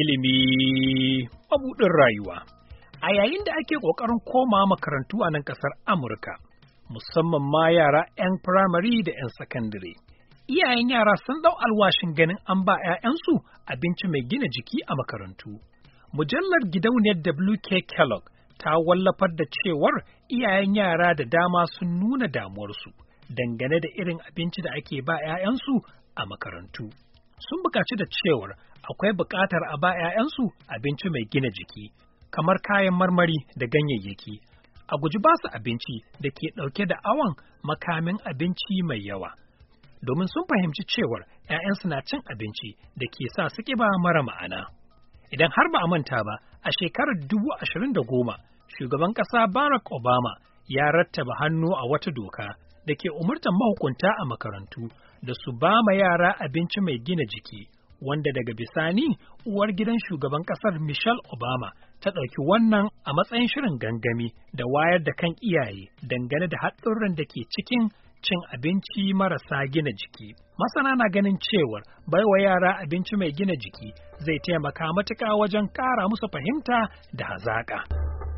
ilimi mabuɗin rayuwa. A yayin da ake ƙoƙarin koma makarantu a nan ƙasar Amurka, musamman ma yara 'yan firamare da 'yan sakandare. Iyayen yara sun ɗau alwashin ganin an ba 'ya'yansu abinci mai gina jiki a makarantu. Mujallar gidauniyar WK Kellogg ta wallafar da cewar iyayen yara da dama sun nuna damuwarsu dangane da irin abinci da ake ba 'ya'yansu a makarantu. Sun bukaci da cewar akwai buƙatar a ba 'ya'yansu abinci mai gina jiki, kamar kayan marmari da ganyayyaki. A guji ba su abinci da ke ɗauke da awon makamin abinci mai yawa. Domin sun fahimci cewar 'ya'yansu na cin abinci da ke sa su ƙiba mara ma'ana. Idan har ba a manta ba, a shekarar dubu ashirin da goma, shugaban ƙasa Barack Obama ya rattaba hannu a wata doka da ke umurtar mahukunta a makarantu da su ba ma yara abinci mai gina jiki. wanda daga bisani uwar gidan shugaban kasar Michelle Obama ta ɗauki wannan a matsayin shirin gangami da wayar da kan iyaye dangane da hatsurran da ke cikin cin abinci marasa gina jiki. Masana na ganin cewar baiwa yara abinci mai gina jiki zai taimaka matuƙa wajen ƙara musu fahimta da hazaƙa.